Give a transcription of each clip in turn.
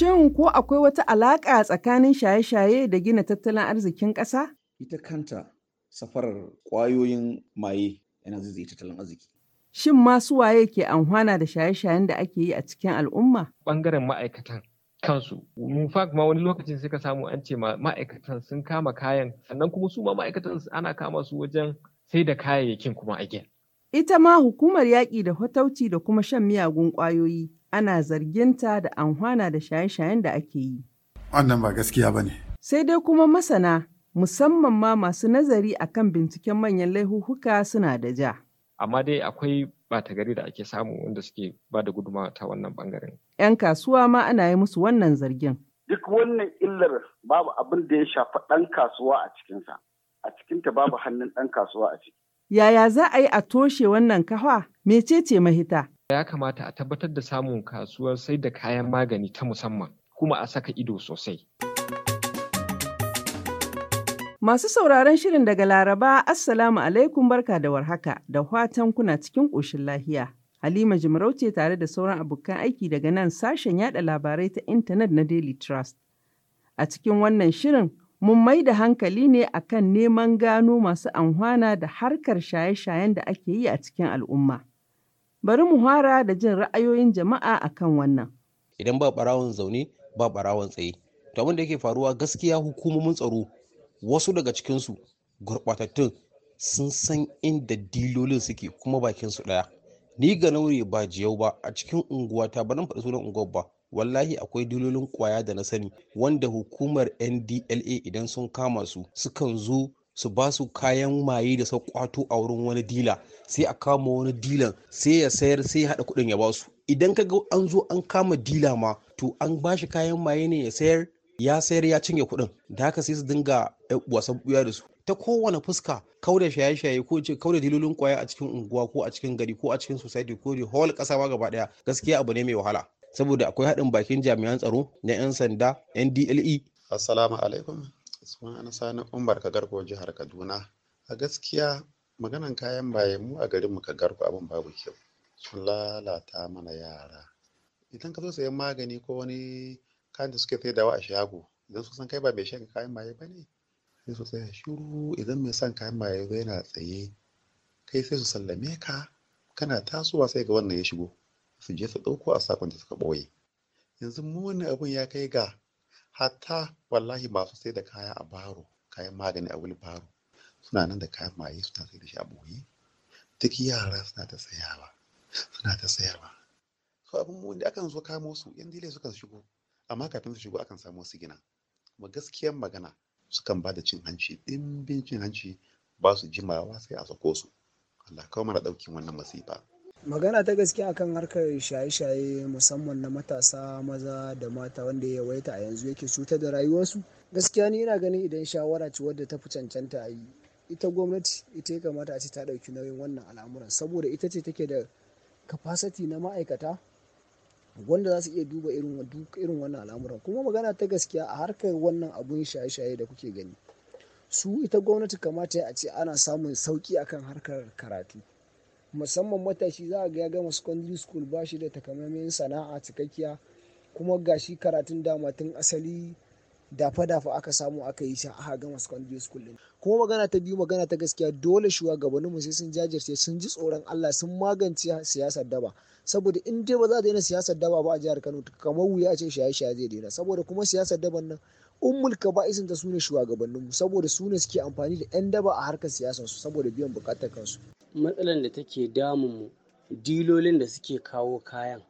Shin ko akwai wata alaƙa tsakanin shaye-shaye da gina tattalin arzikin ƙasa? Ita kanta safarar ƙwayoyin maye yana zai tattalin arziki. Shin masu waye ke amfana da shaye-shayen da ake yi a cikin al'umma? bangaren ma'aikatan kansu. Mun ma wani lokacin sai ka samu an ce ma'aikatan sun kama kayan sannan kuma su ma ma'aikatan ana kama su wajen sai da kayayyakin kuma a Ita ma hukumar yaƙi da hotauci da kuma shan miyagun ƙwayoyi ana zarginta da anhwana da shaye-shayen da ake yi. Wannan ba gaskiya ba ne. Sai dai kuma masana, musamman ma masu nazari a kan binciken manyan laihuhuka suna da ja. Amma dai akwai bata gari da ake samu wanda suke ba da guduma ta wannan ɓangaren. 'Yan kasuwa ma ana yi musu wannan zargin. Duk wannan illar babu abin da ya shafa ɗan kasuwa a cikinsa, a cikinta babu hannun ɗan kasuwa a ciki. Yaya za a yi a toshe wannan kafa? Mecece mahita? Ya kamata a tabbatar da samun kasuwar sai da kayan magani ta musamman, kuma a saka ido sosai. Masu sauraron shirin daga Laraba, Assalamu alaikum barka da warhaka, da watan kuna cikin ƙoshin lahiya. Halima Jimarauce tare da sauran abokan aiki daga nan sashen yada labarai ta intanet na Daily Trust. A cikin wannan shirin Mun mai da hankali ne a kan neman gano masu anhwana da harkar shaye-shayen da ake yi a cikin al'umma. Bari mu hara da jin ra'ayoyin jama'a a kan wannan. Idan ba barawon zaune ba barawon tsaye. To da yake faruwa gaskiya hukumomin tsaro wasu daga cikinsu gurɓatattun sun san inda dilolin suke kuma bakin su ɗaya. Ni ga naure ba jiyau ba a cikin unguwata ba nan faɗi sunan unguwar ba. wallahi akwai dilolin kwaya da na sani wanda hukumar ndla idan sun kama su sukan zo su ba su kayan maye da sau kwato a wurin wani dila sai a kama wani dilan sai ya sayar sai ya haɗa kuɗin ya ba su idan ka ga an zo an kama dila ma to an ba shi kayan maye ne ya sayar ya sayar ya cinye kuɗin da haka sai su dinga eh, wasan buya da su ta kowane fuska kauda shaye-shaye ko ce kauda dilolin kwaya a cikin unguwa ko a cikin gari ko a cikin society ko da whole ƙasa ma gaba ɗaya gaskiya abu ne mai wahala saboda akwai haɗin bakin jami'an tsaro na 'yan sanda ndle assalamu alaikum suna sani umar kagarko jihar kaduna a gaskiya maganan kayan baye mu a garin mu kagarko abin babu kyau sun lalata mana yara idan ka zo sayan magani ko wani kayan da suke saidawa a shago idan su san kai ba mai shan kayan baye ba ne sai su tsaya shiru idan mai son kayan maye yana tsaye kai sai su sallame ka kana tasowa sai ga wannan ya shigo su je su ɗauko a sakon da suka ɓoye yanzu mu wani abin ya kai ga hatta wallahi masu sai da kaya a baro kayan magani a wilbaro suna nan da kayan maye suna sai da shi a ɓoye duk yara suna ta sayawa suna ta sayawa so abin mu wanda akan zo kamo su yan dile sukan shigo amma kafin su shigo akan samu su gina kuma gaskiyar magana sukan ba da cin hanci ɗimbin cin hanci ba su jimawa sai a sako su Allah kawo mana ɗaukin wannan masifa Magana ta gaskiya akan harkar shaye-shaye musamman na matasa maza da mata wanda ya waita a yanzu yake cutar da rayuwarsu. Gaskiya ni yana ganin idan shawara ce wadda ta fi cancanta a yi, ita gwamnati ita ya kamata ce ta ɗauki nauyin wannan al'amuran saboda ita ce take da capacity na ma'aikata wanda za su iya duba irin duk irin wannan al'amuran. Kuma magana ta gaskiya a harkar wannan abun shaye-shaye da kuke gani, su ita gwamnati kamata a ce ana samun sauki akan harkar karatu. musamman matashi za a ga ya gama secondary school ba shi da takamaiman sana'a cikakkiya kuma ga shi karatun dama tun asali dafa-dafa aka samu aka yi sha aka gama secondary school din kuma magana ta biyu magana ta gaskiya dole shugabanninmu sai sun jajirce sun ji tsoron Allah sun magance siyasar daba saboda in dai ba za ta daina siyasar daba ba a jihar Kano kamar wuya a ce shaye shaye zai daina saboda kuma siyasar daban nan ummul kaba'isin ta sune shugabanninmu saboda sune suke amfani da 'yan daba a harkar siyasar su saboda biyan bukatar kansu matsalar da take damun mu dilolin da suke kawo kayan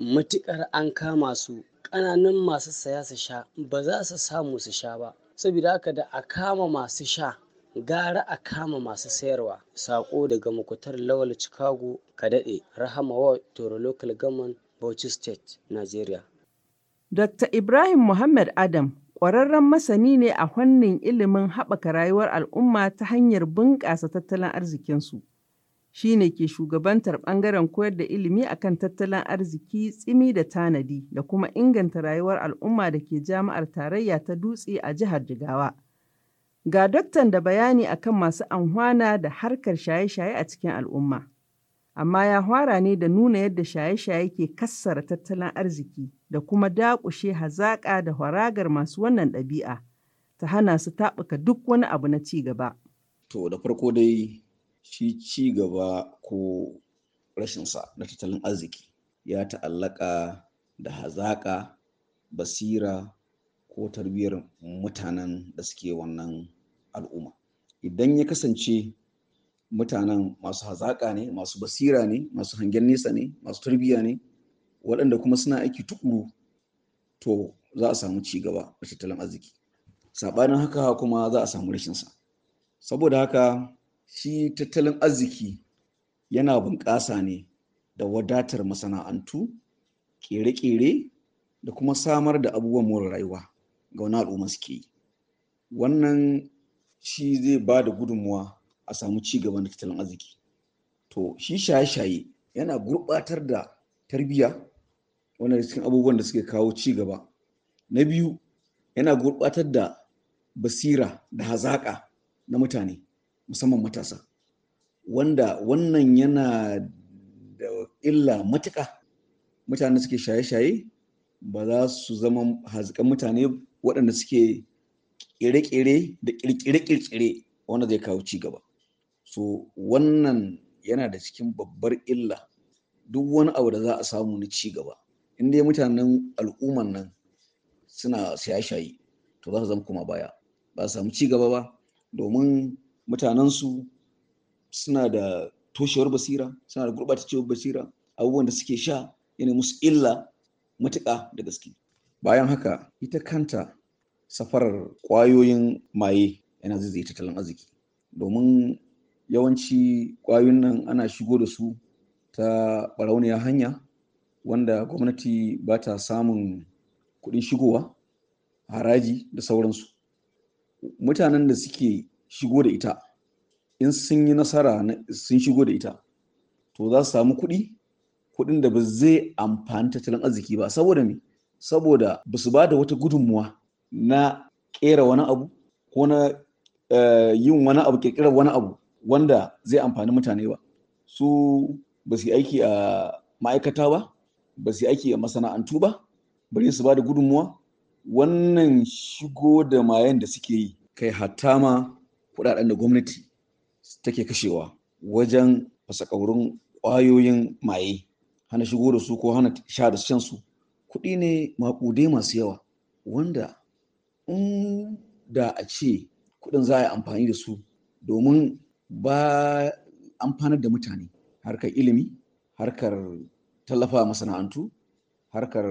matukar an kama su ƙananan masu saya su sha ba za su samu su sha ba saboda haka da a kama masu sha gara a kama masu sayarwa sako daga makutar lawal chicago daɗe rahama wa toro local government bauchi state nigeria dr ibrahim muhammad adam ƙwararren masani ne a fannin ilimin haɓaka rayuwar al'umma ta hanyar bunƙasa tattalin arzikinsu, shi ne ke shugabantar ɓangaren koyar da ilimi akan tattalin arziki, tsimi da tanadi da kuma inganta rayuwar al'umma da ke Jami'ar Tarayya ta Dutse a Jihar Jigawa. Ga Daktan da bayani akan masu anhwana da harkar shaye-shaye a cikin al'umma. Amma ya fara ne da nuna yadda shaye-shaye ke kassara tattalin arziki da kuma daƙushe hazaƙa da haragar masu wannan ɗabi'a, ta hana su taɓuka duk wani abu na cigaba. To da farko dai shi ci gaba ko rashinsa na tattalin arziki ya ta'allaka da hazaƙa, basira ko tarbiyyar mutanen da suke wannan al'umma. Idan ya kasance mutanen masu hazaƙa ne masu basira ne masu hangen nesa ne masu tarbiyya ne waɗanda kuma suna aiki tukuru to za a samu ci gaba da tattalin arziki saɓanin haka kuma za a samu rashin sa saboda haka shi tattalin arziki yana bunƙasa ne da wadatar masana'antu ƙere-ƙere da kuma samar da abubuwan more rayuwa ga wani al'umma suke yi wannan shi zai ba da gudunmuwa a samu ci gaba na tattalin arziki to shi shaye-shaye yana gurɓatar da tarbiyya wannan cikin abubuwan da suke kawo ci gaba na biyu yana gurɓatar da basira da hazaƙa na mutane musamman matasa wanda wannan yana da illa matuka, mutane suke shaye-shaye ba za su zama haziƙan mutane waɗanda suke ƙere-ƙere da ƙirƙire-ƙirƙire wanda zai kawo ci gaba so wannan yana da cikin babbar illa duk wani abu da za a samu na ci gaba in dai mutanen al'umman nan suna shaye-shaye to za su zama kuma baya ba su samu ci gaba ba domin mutanensu suna da toshewar basira suna da gurɓatacewar basira abubuwan da suke sha yana musu illa matuƙa da gaske bayan haka ita kanta safarar ƙwayoyin maye yana zai tattalin arziki domin yawanci ƙwayoyin nan ana shigo da su ta barauniya hanya wanda gwamnati ba ta samun kuɗin shigowa haraji da sauransu mutanen da suke shigo da ita in sun yi nasara sun shigo da ita to za su samu kuɗi kuɗin da ba zai amfani tattalin arziki ba saboda me saboda ba su ba da wata gudunmuwa na ƙera wani abu ko na eh, yin wani abu ƙirƙirar wani abu wanda zai amfani mutane ba su ba su yi aiki a ma'aikata ba ba su aiki a masana'antu ba bari su ba da gudunmuwa wannan shigo da mayan da suke yi kai hatta ma kudaden da gwamnati take kashewa wajen fasakaurin ƙwayoyin maye hana shigo da su ko hana sha da shan su kuɗi ne maƙudai masu yawa wanda in da a ce kuɗin za a yi amfani da su domin ba amfanar da mutane harkar ilimi harkar tallafawa masana'antu harkar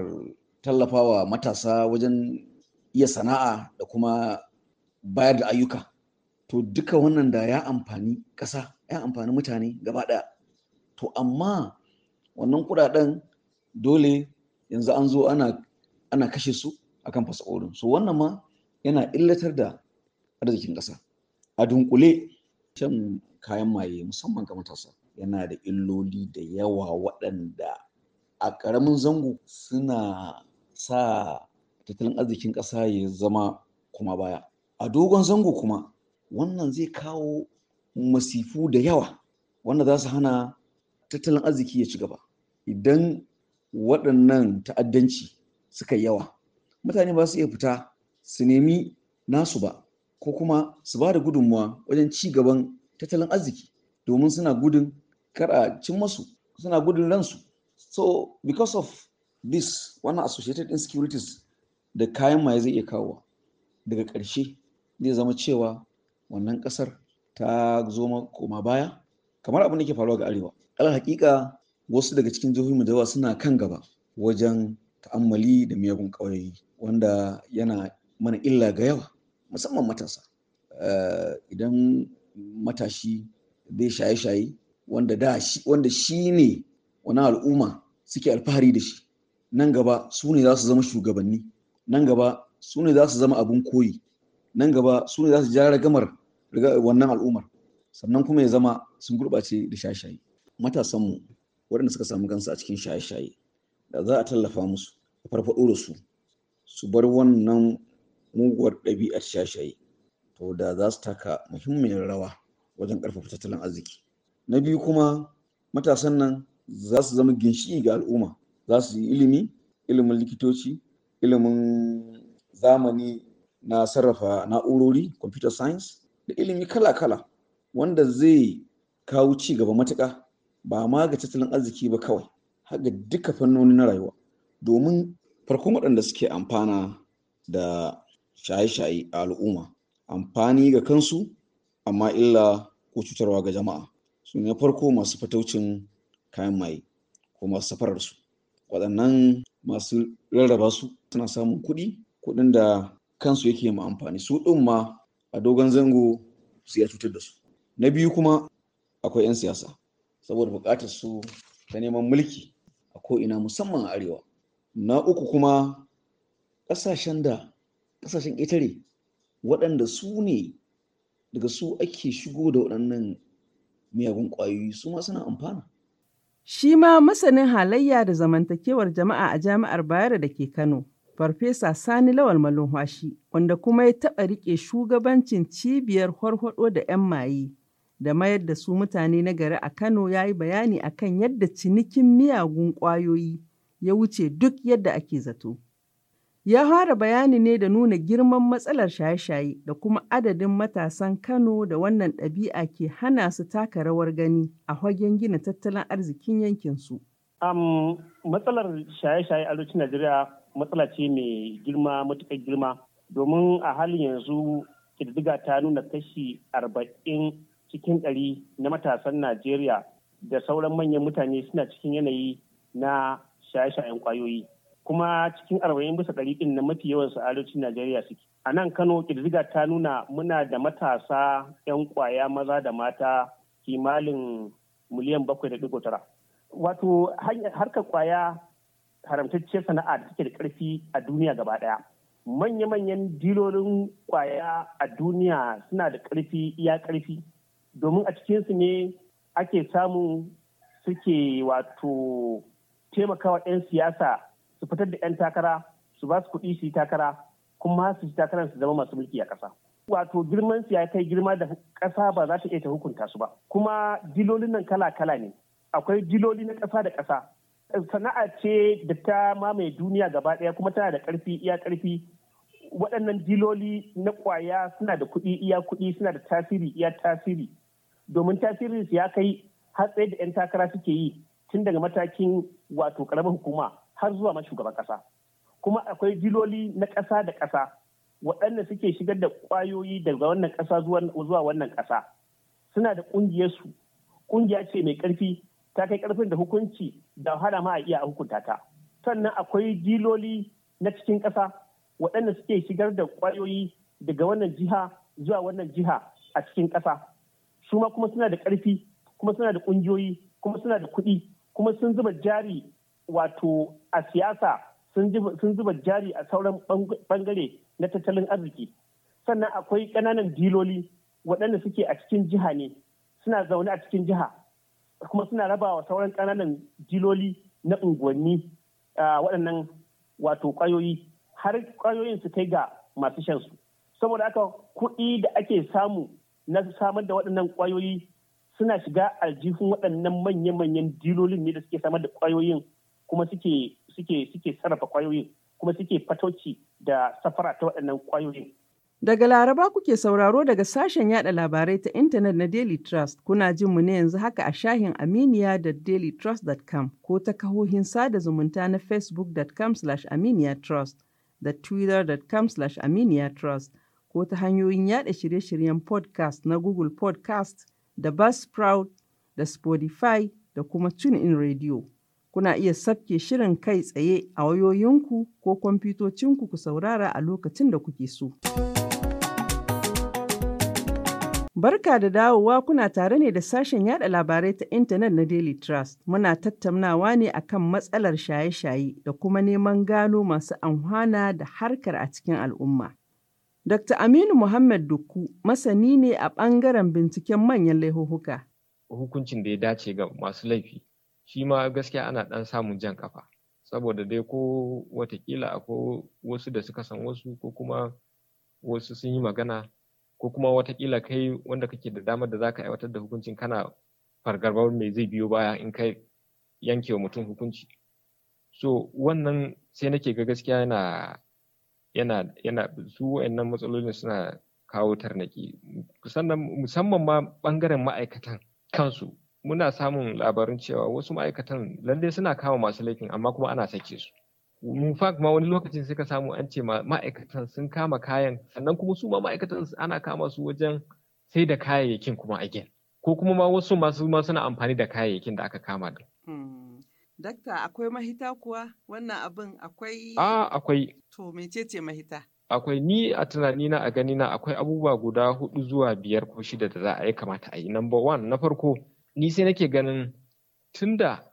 tallafawa matasa wajen iya sana'a da kuma bayar da ayyuka to duka wannan da ya amfani ƙasa ya amfani mutane gaba ɗaya to amma wannan kuɗaɗen dole yanzu an zo ana, ana kashe su akan fasakorin so wannan ma yana illatar da arzikin ƙasa a dunkule shan kayan maye musamman ga matasa yana da illoli da yawa waɗanda a ƙaramin zango suna sa tattalin arzikin ƙasa ya zama kuma baya a dogon zango kuma wannan zai kawo masifu da yawa wanda za su hana tattalin arziki ya ci gaba idan waɗannan ta'addanci suka yawa mutane ba su iya fita su nemi nasu ba ko kuma su ba da gudunmuwa wajen ci gaban tattalin arziki domin suna gudun kar a cin masu suna gudun ransu so because of this wannan associated insecurities da kayan maye zai iya kawo daga ƙarshe zai zama cewa wannan ƙasar ta zo koma baya kamar abin da ke faruwa ga arewa al hakika wasu daga cikin jihohin da suna kan gaba wajen ta'ammali da miyagun ƙauyayi wanda yana mana illa ga yawa musamman matasa eh, idan matashi zai shaye-shaye wanda da shi wanda shi ne wani al'umma suke alfahari da shi nan gaba su ne za su zama shugabanni nan gaba su ne za su zama abun koyi nan gaba su ne za su jara gamar wannan al'ummar sannan kuma ya zama sun gurɓace da shaye-shaye matasanmu waɗanda suka samu gansa a cikin shaye-shaye da za a tallafa musu a farfaɗo da su su bar wannan muguwar ɗabi'ar shashaye to da za su taka muhimmiyar rawa wajen ƙarfafa tattalin arziki na biyu kuma matasan nan za su zama ginshiƙi ga al'umma za su yi ilimi ilimin likitoci ilimin zamani na sarrafa na'urori computer science da ilimi kala-kala wanda zai kawo ci gaba matuka. ba ma ga tattalin arziki ba kawai har ga duka fannoni na rayuwa domin farko waɗanda suke amfana da shaye-shaye a al'umma amfani ga kansu amma illa ko cutarwa ga jama'a su ne farko masu fataucin kayan maye ko masu safarar waɗannan masu rarraba su suna samun kuɗi kuɗin da kansu yake ma amfani su ɗin ma a dogon zango su ya cutar da su na biyu kuma akwai 'yan siyasa saboda buƙatar su ta neman mulki a ko'ina musamman a arewa na uku kuma ƙasashen da kasashen ƙetare waɗanda su ne daga su ake shigo da waɗannan miyagun ƙwayoyi su ma suna amfana. Shi ma masanin halayya da zamantakewar jama'a a jami'ar Bayero da ke Kano, Farfesa Sani Lawal Malumhashi, wanda kuma ya taɓa riƙe shugabancin cibiyar horhoɗo da 'yan maye da mayar da su mutane na gari a Kano ya yi bayani akan yadda cinikin miyagun ƙwayoyi ya wuce duk yadda ake zato. Ya fara bayani ne da nuna girman matsalar shaye-shaye da kuma adadin matasan Kano da wannan ɗabi'a ke hana su taka rawar gani a fagen gina tattalin arzikin yankinsu. Um, matsalar shaye-shaye a lokacin Najeriya matsala ce mai girma matuƙar girma domin a halin yanzu ƙididdiga ta nuna kashi arba'in cikin ɗari na matasan Najeriya da sauran manyan mutane suna cikin yanayi na shaye-shayen ƙwayoyi. kuma cikin arba'in bisa ɗari ɗin na mafi yawan su arewacin najeriya suke a nan kano ƙirziga ta nuna muna da matasa 'yan ƙwaya maza da mata kimalin miliyan bakwai da ɗigo tara wato harkar ƙwaya haramtacciyar sana'a da take da ƙarfi a duniya gaba ɗaya manya-manyan dilolin ƙwaya a duniya suna da ƙarfi iya ƙarfi domin a cikinsu ne ake samun suke wato taimakawa 'yan siyasa su fitar da 'yan takara su ba su kuɗi su yi takara kuma su yi takara su zama masu mulki a ƙasa. Wato girman su ya kai girma da ƙasa ba za ta iya ta hukunta su ba. Kuma dilolin nan kala-kala ne. Akwai diloli na ƙasa da ƙasa. Sana'a ce da ta mamaye duniya gaba ɗaya kuma tana da ƙarfi iya ƙarfi. Waɗannan diloli na ƙwaya suna da kuɗi iya kuɗi suna da tasiri iya tasiri. Domin tasirin su ya kai har da 'yan takara suke yi tun daga matakin wato ƙaramin hukuma har zuwa ma shugaban ƙasa kuma akwai diloli na ƙasa da ƙasa waɗanda suke shigar da ƙwayoyi daga wannan ƙasa zuwa wannan ƙasa suna da ƙungiyarsu ƙungiya ce mai ƙarfi ta kai ƙarfin da hukunci da hana ma a iya hukunta ta sannan akwai diloli na cikin ƙasa waɗanda suke shigar da ƙwayoyi daga wannan jiha zuwa wannan jiha a cikin ƙasa su ma kuma suna da ƙarfi kuma suna da ƙungiyoyi kuma suna da kuɗi kuma sun zuba jari wato a siyasa sun zuba jari a sauran bangare na tattalin arziki sannan akwai ƙananan diloli waɗanda suke a cikin jiha ne suna zaune a cikin jiha kuma suna raba wa sauran ƙananan diloli na unguwanni waɗannan wato ƙwayoyi har ƙwayoyin su kai ga masu shan su saboda haka kuɗi da ake samu na samar da waɗannan ƙwayoyi suna shiga aljihun waɗannan manya-manyan dilolin ne da suke samar da ƙwayoyin kuma suke sarrafa kwayoyin kuma suke fatauci da safara ta waɗannan kwayoyin Daga Laraba kuke sauraro daga sashen yada labarai ta intanet na Daily Trust kuna jin mu ne yanzu haka a shahin aminiya da dailytrust.com ko ta kahohin sada zumunta na facebook.com aminiyatrust da twitter.com aminiyatrust ko ta hanyoyin yada shirye-shiryen podcast na Google Podcast da Buzzsprout da Spotify da kuma TuneIn Radio. Kuna iya sabke shirin kai tsaye a wayoyinku ko kwamfutocinku ku saurara a lokacin da kuke so. Barka da dawowa kuna tare ne da sashen yada labarai ta intanet na Daily Trust. Muna tattaunawa ne akan matsalar shaye-shaye da kuma neman gano masu amfana da harkar a cikin al'umma. Dr. Aminu Muhammad Dukku masani ne a ɓangaren binciken manyan laihuhuka. Hukuncin da ya dace ga masu laifi shi ma gaskiya ana ɗan samun jan kafa saboda dai ko watakila akwai wasu da suka san wasu ko kuma wasu sun yi magana ko kuma watakila kai wanda kake da damar da za ka aiwatar da hukuncin kana fargabar mai zai biyo baya in kai yanke wa mutum hukunci so wannan sai nake ga gaskiya yana yana yana su wayannan matsalolin suna kawo tarnaki musamman ma ɓangaren ma'aikatan kansu muna samun labarin cewa wasu ma'aikatan lallai suna kama masu laifin amma kuma ana sake su in fact ma wani lokacin ka samu an ce ma'aikatan sun kama kayan sannan kuma su ma ma'aikatan ana kama su wajen sai da kayayyakin kuma again ko kuma ma wasu masu ma suna amfani da kayayyakin da aka kama da. Hmm. Dakta akwai mahita kuwa wannan abin akwai? A akwai. To mecece mahita? Akwai ni a tunanina a ganina akwai abubuwa guda hudu zuwa biyar ko shida da za a yi kamata a yi. Number one na farko ni sai nake ganin tunda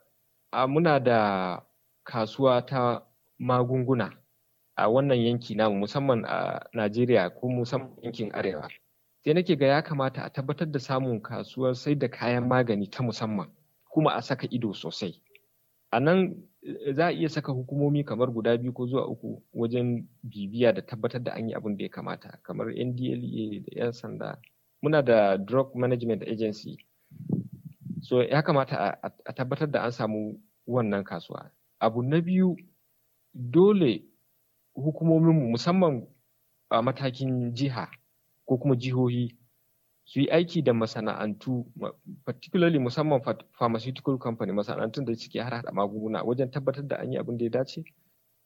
a muna da kasuwa ta magunguna a wannan yanki namu musamman a Najeriya ko musamman yankin Arewa. Sai nake ga ya kamata a tabbatar da samun kasuwar sai da kayan magani ta musamman kuma a saka ido sosai. A nan eh, za a iya saka hukumomi kamar guda biyu ko zuwa uku wajen bibiya da tabbatar da an yi abin da ya kamata kamar NDLEA da 'yan sanda. Muna da Drug Management Agency so ya kamata a tabbatar da an samu wannan kasuwa abu na biyu dole hukumominmu musamman a matakin jiha ko kuma jihohi su yi aiki da masana'antu particularly musamman pharmaceutical company masana'antun da suke har magunguna wajen tabbatar da an yi abin da ya dace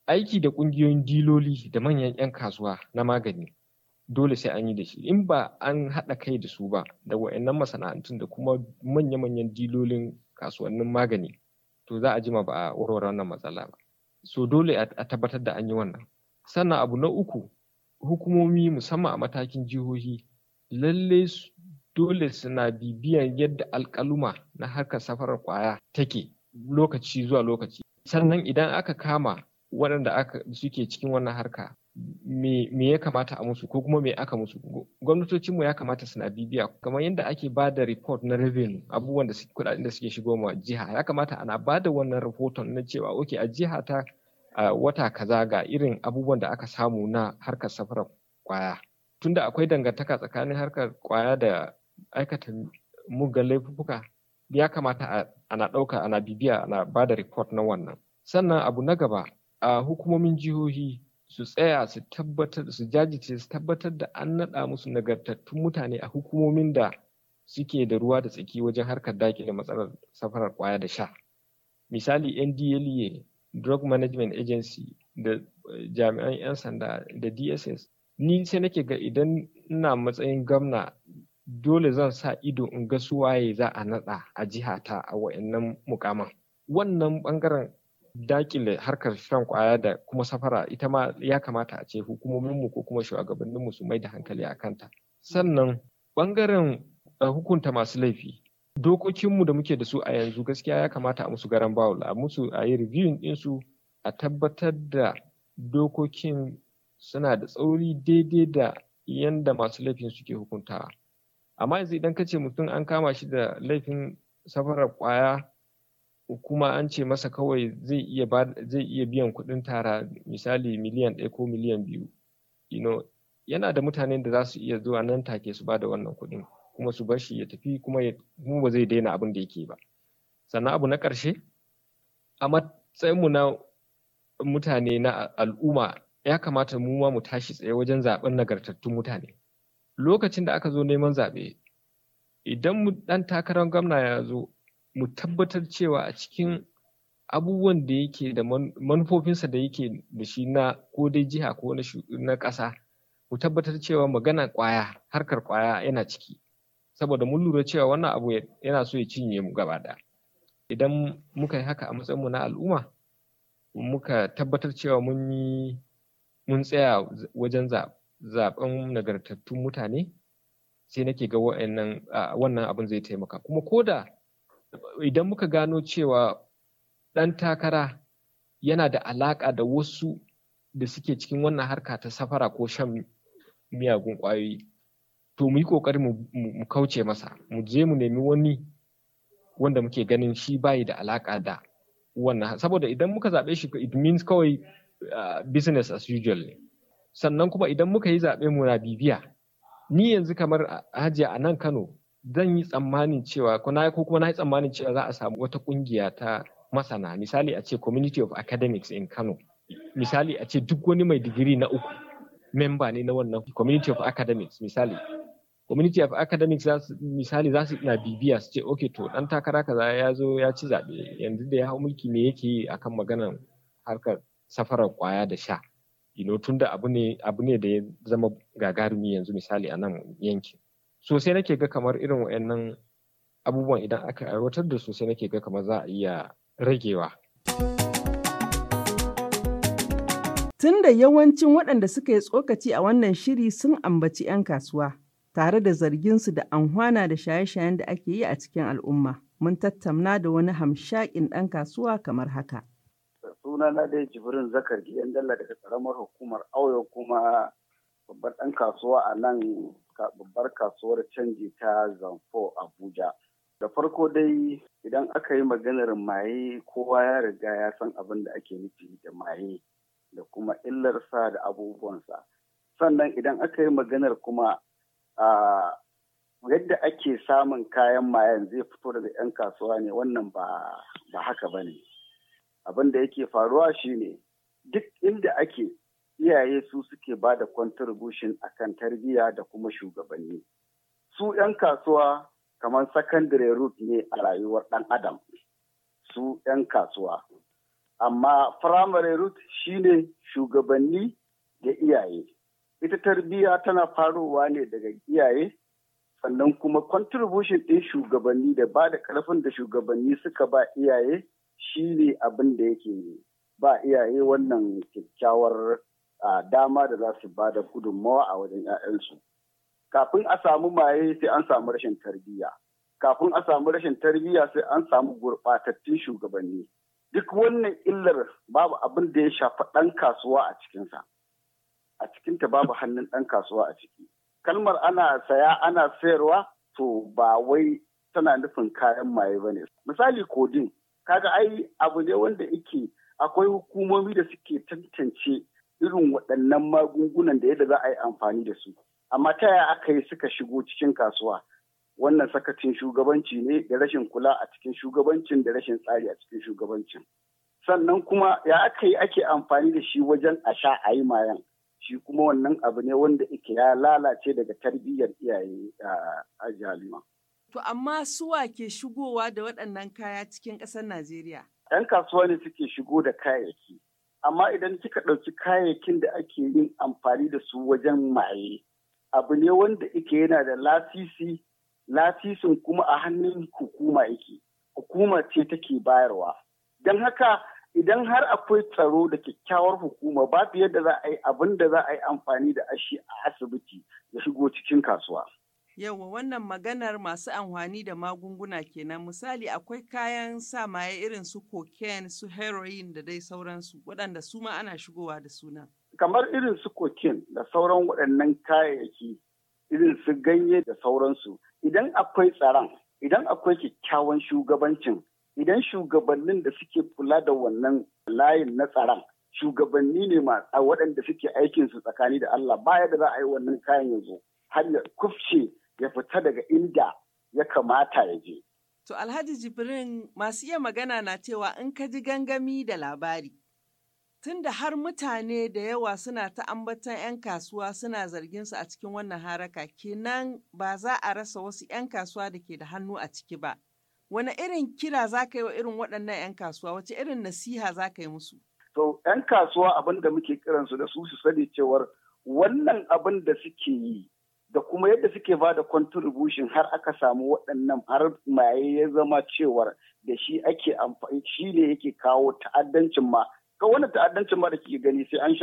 aiki da ƙungiyoyin diloli da manyan 'yan kasuwa na magani dole sai an yi da shi in ba an haɗa kai da su ba da wa'annan masana'antun da kuma manya-manyan dilolin kasuwannin magani to za a jima ba a warware wannan matsala ba so dole a tabbatar da an yi wannan sannan abu na uku hukumomi musamman a matakin jihohi lalle dole suna bibiyan yadda alkaluma na harkar safarar kwaya take lokaci zuwa lokaci sannan idan aka kama waɗanda suke cikin wannan harka me, ya kamata a musu ko kuma me aka musu gwamnatocin mu ya kamata suna bibiya kamar yadda ake ba da report na revenue abubuwan da kudaden da suke shigo ma jiha ya kamata ana ba da wannan rahoton na cewa oke a jiha ta wata kaza ga irin abubuwan da aka samu na harkar safarar kwaya tunda akwai dangantaka tsakanin harkar kwaya da aikata mugan laifuka ya kamata ana ɗauka ana bibiya ana ba da report na wannan sannan abu na gaba a hukumomin jihohi su tsaya su tabbatar su jajice su tabbatar da an naɗa musu nagartattun mutane a hukumomin da suke da ruwa da tsaki wajen harkar daki da matsalar safarar kwaya da sha misali ndla e drug management agency da eh, jami'an 'yan sanda da dss ni sai nake ga idan ina matsayin gwamna dole zan sa ido in ga su waye za a naɗa a jihata a wa'annan mukaman wannan bangaren dakile harkar shan kwaya da kuma safara ita ma ya kamata a ce hukumominmu ko kuma shugabanninmu su mai da hankali a kanta sannan bangaren eh, hukunta masu laifi dokokinmu da muke da su a yanzu gaskiya ya kamata a musu garan bawul a musu a yi reviewing ɗinsu a tabbatar da dokokin suna da tsauri daidai da yanda masu laifin suke hukuntawa amma yanzu idan ka ce mutum an kama shi da laifin safarar kwaya kuma an ce masa kawai zai iya zai iya biyan kuɗin tara misali miliyan ɗaya ko miliyan biyu you know, yana da mutanen da za su iya zuwa nan take su ba da wannan kuɗin kuma su bar shi ya tafi kuma mu ba zai daina abin da yake ba sannan abu na ƙarshe a matsayinmu na mutane na al'umma ya kamata mu ma mu tashi tsaye wajen zaɓen nagartattun mutane lokacin da aka zo neman zaɓe idan mu ɗan takarar gwamna ya zo mu tabbatar cewa a cikin abubuwan da yake da manufofinsa da yake da shi na ko dai jiha ko na ƙasa mu tabbatar cewa magana ƙwaya harkar ƙwaya yana ciki saboda mun lura cewa wannan abu yana so ya cinye mu gaba da idan muka yi haka a matsayinmu na al'umma muka tabbatar cewa mun yi mun tsaya wajen zaben nagartattun mutane sai nake ga wannan abun zai taimaka kuma ko da idan muka gano cewa ɗan takara yana da alaƙa da wasu da suke cikin wannan harka ta safara ko shan miyagun ƙwayoyi to mu yi ƙoƙari mu kauce masa mu je mu nemi wani wanda muke ganin shi bayi da alaƙa da wannan saboda idan muka zaɓe shi it means kawai uh, business as usual ne sannan kuma idan muka yi zaɓe muna bibiya ni yanzu kamar ah, hajiya a nan kano zan yi tsammanin cewa ko na ko kuma na yi tsammanin cewa za a samu wata kungiya ta masana misali a ce community of academics in Kano misali a ce duk wani mai digiri na uku memba ne na wannan community of academics misali community of academics misali za su na bibiya su ce oke to dan takara kaza ya zo ya ci zaɓe yanzu da ya hau mulki me yake yi akan maganar harkar safarar kwaya da sha you know, tunda abu abu ne da ya zama gagarumi yanzu misali a nan yankin sosai nake ga kamar irin wa'annan abubuwan idan aka aiwatar da sosai nake ga kamar za a iya ragewa. Tun da yawancin waɗanda suka yi tsokaci a wannan shiri sun ambaci 'yan kasuwa, tare da zarginsu da anhwana da shaye-shayen da ake yi a cikin al'umma. Mun tattauna da wani hamshakin ɗan kasuwa kamar haka. Sunana dai Jibrin Zakar Giyan Dalla daga ƙaramar hukumar Auyo kuma babban ɗan kasuwa a nan babbar kasuwar canji ta Zamfo Abuja. Da farko dai idan aka yi maganar maye kowa ya riga ya san abin da ake nufi da maye da kuma illarsa da abubuwansa. Sannan idan aka yi maganar kuma a yadda ake samun kayan mayan zai fito daga 'yan kasuwa ne wannan ba haka ba ne. Abin da yake faruwa shine duk inda ake iyaye su suke ba da contribution a kan tarbiyya da kuma shugabanni su 'yan kasuwa kamar secondary root ne a rayuwar ɗan adam su 'yan kasuwa amma primary root ne shugabanni da iyaye ita tarbiyya tana farowa ne daga iyaye sannan kuma contribution ɗin shugabanni da ba da ƙarfin da shugabanni suka ba iyaye shi shine abin da yake ba iyaye wannan kyakkyawar A dama da za su ba da gudunmawa a wajen 'ya'yansu. Kafin a samu maye sai an samu rashin tarbiyya. Kafin a samu rashin tarbiyya sai an samu gurɓatattun shugabanni. Duk wannan illar babu abin da ya shafa ɗan kasuwa a cikinsa. A cikinta babu hannun ɗan kasuwa a ciki. Kalmar ana saya ana sayarwa to ba wai tana nufin kayan maye ba ne. Misali kodin, kaga ai abu ne wanda yake akwai hukumomi da suke tantance irin waɗannan magungunan da yadda za a yi amfani da su. Amma ta yaya aka yi suka shigo cikin kasuwa? Wannan sakacin shugabanci ne da rashin kula a cikin shugabancin da rashin tsari a cikin shugabancin. Sannan kuma ya aka yi ake amfani da shi wajen a sha a yi mayan. Shi kuma wannan abu ne wanda ike ya lalace daga tarbiyyar iyaye a jalima. To amma suwa ke shigowa da waɗannan kaya cikin ƙasar Najeriya? ‘Yan kasuwa ne suke shigo da kayayyaki. amma idan kika ɗauki kayayyakin da ake yin amfani da su wajen maye abu ne wanda ike yana da lasisi lasisin kuma a hannun hukuma yake hukuma ce take bayarwa don haka idan har akwai tsaro da kyakkyawar hukuma babu yadda za a yi abin da za a yi amfani da ashi a asibiti ya shigo cikin kasuwa. Yauwa wannan maganar masu amfani da magunguna kenan misali akwai kayan sa maye irin su cocaine su heroin da dai sauransu waɗanda su ma ana shigowa da suna. Kamar irin su cocaine da sauran waɗannan kayayyaki irin su ganye da sauransu idan akwai tsaron idan akwai kyakkyawan shugabancin idan shugabannin da suke kula da wannan layin na tsaron shugabanni ne waɗanda suke aikinsu tsakani da Allah baya da za a yi wannan kayan yanzu har ya kufce ya fita daga inda ya kamata ya je. To Alhaji Jibrin masu iya magana na cewa in ka ji gangami da labari. Tunda har mutane da yawa suna ta ambatan 'yan kasuwa suna zargin su a cikin wannan haraka kenan ba za a rasa wasu 'yan kasuwa da ke da hannu a ciki ba. Wani irin kira za ka yi wa irin waɗannan 'yan kasuwa wace irin nasiha za ka yi musu? To 'yan kasuwa abin da muke kiransu da su su sani cewar wannan abin da suke yi da kuma yadda suke ba da contribution har aka samu waɗannan har maye ya zama cewar da shi ake amfani shi ne yake kawo ta'addancin ma Ka wani ta'addancin ma da kike gani sai an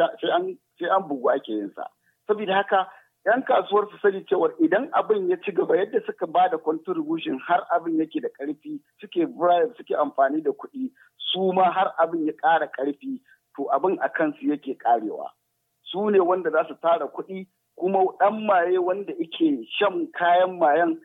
sai an bugu ake yin sa saboda haka yan kasuwar su sani cewar idan abin ya ci gaba yadda suka ba da contribution har abin yake da karfi suke bribe suke amfani da kuɗi su ma har abin ya ƙara karfi to abin a kansu yake karewa su ne wanda za su tara kuɗi kuma ɗan maye wanda yake shan kayan mayan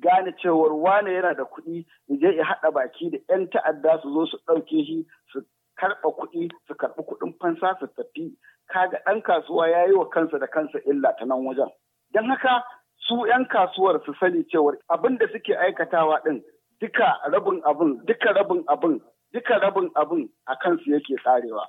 gane cewar wane yana da kuɗi je ya haɗa baki da 'yan ta'adda su zo su ɗauke shi su karɓa kuɗi su karɓi kuɗin fansa su tafi kaga ɗan kasuwa ya yi wa kansa da kansa illa ta nan wajen don haka su 'yan kasuwar su sani cewar abin da suke aikatawa ɗin duka rabin abin duka rabin abin duka rabin abin a kansu yake tsarewa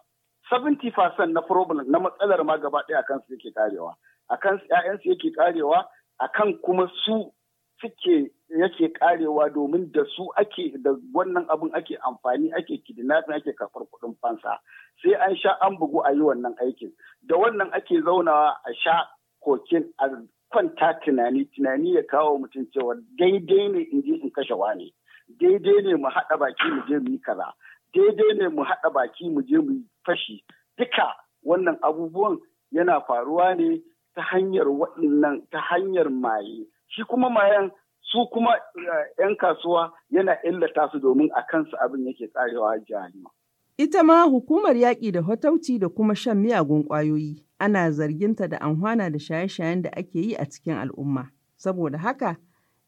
70% na problem na matsalar ma gaba ɗaya a kansu yake tsarewa akan ‘ya'yansu yake karewa akan kuma su suke yake karewa domin da su ake da wannan abin ake amfani ake kidnapping ake kafar kuɗin fansa sai an sha an bugu a yi wannan aikin da wannan ake zaunawa a sha kokin a kwanta tunani tunani ya kawo mutum cewa daidai ne in je in kashe wani daidai ne mu haɗa baki mu je mu yi kaza daidai ne mu haɗa baki mu je mu fashi duka wannan abubuwan yana faruwa ne ta hanyar waɗannan ta hanyar maye shi kuma mayan su kuma eh, 'yan kasuwa yana illata su domin a kansu abin yake karewa jahannama. Ita ma hukumar yaƙi da hotauci da kuma shan miyagun ƙwayoyi ana zarginta da anhwana da shaye-shayen da ake yi a cikin al'umma. Saboda haka,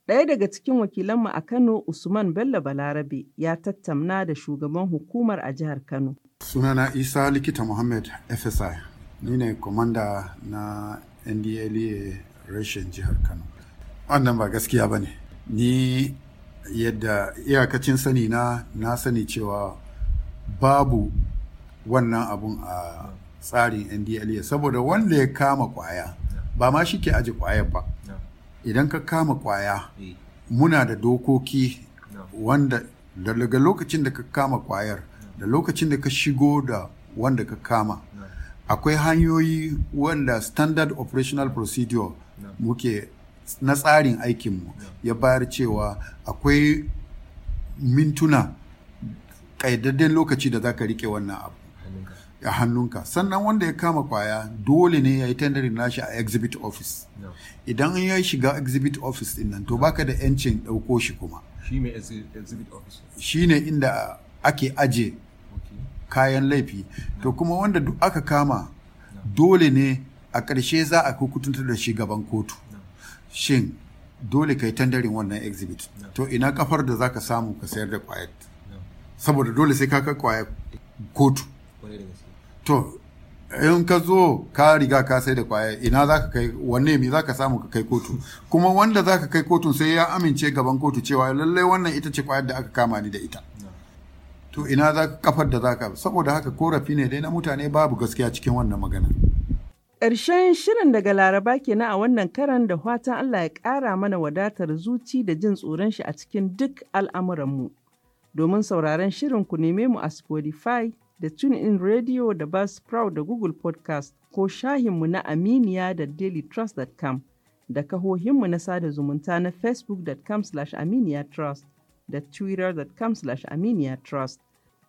ɗaya daga cikin wakilanmu a Kano Usman Bello Balarabe ya tattamna da shugaban hukumar a jihar Kano. Sunana Isa Likita Muhammad FSI, ni ne komanda na ndla rashin jihar kano wannan ba gaskiya ba ne ni yadda iyakacin sani na na sani cewa babu wannan abun a tsarin ndla saboda wanda ya kama kwaya ba ma shi ke aji kwaya ba idan ka kama kwaya muna da dokoki wanda daga lokacin da ka kama kwayar da lokacin da ka shigo da wanda ka kama akwai hanyoyi wanda standard operational procedure muke na tsarin aikinmu ya bayar cewa akwai mintuna ƙaidadden lokaci da za ka rike wannan abu a hannunka sannan wanda ya kama kwaya dole ne ya yi tendering nashi a exhibit office idan an ya shiga exhibit office din nan to baka da yancin ɗauko shi kuma shi ne inda ake aje kayan laifi to kuma wanda duk aka kama dole ne a ƙarshe za a kukutunta da shi gaban kotu shin dole ka yi tandarin wannan exhibit to ina kafar da za ka samu ka sayar da kwayar saboda dole sai ka kai kwayar kotu to in ka zo ka riga ka sai da kwaya ina za ka kai wanne me za ka samu ka kai kotu kuma wanda za ka kai kotun sai ya amince gaban kotu cewa lallai wannan ita ce kwayar da aka kama ni da ita to ina za ka kafar da za ka saboda haka korafi ne dai na mutane babu gaskiya cikin wannan magana. Ƙarshen shirin daga Laraba kenan a wannan karan da fatan Allah ya ƙara mana wadatar zuci da jin tsoron shi a cikin duk al'amuranmu. Domin sauraron shirin ku neme mu a Spotify da TuneIn Radio da Buzzsprout da Google Podcast ko shahinmu na Aminiya da dailytrust.com da kahohinmu na sada zumunta na facebookcom aminiya da twitter.com slash aminiya trust.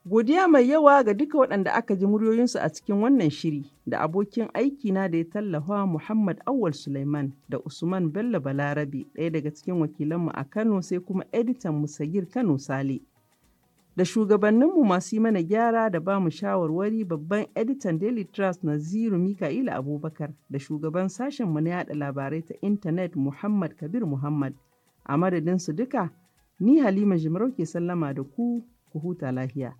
Godiya mai yawa ga duka waɗanda aka ji muryoyinsu a cikin wannan shiri da abokin aikina da ya tallafa Muhammad Awal Suleiman da Usman Bello Balarabe ɗaya daga cikin wakilanmu a Kano sai kuma editan Musagir Kano Sale. Da shugabanninmu masu yi mana gyara da bamu shawarwari babban editan Daily Trust na Ziru Mika'ila Abubakar da shugaban sashenmu na yaɗa labarai ta intanet Muhammad Kabir Muhammad. A madadinsu duka, Ni Halima Jimarau ke sallama da ku, ku huta lahiya.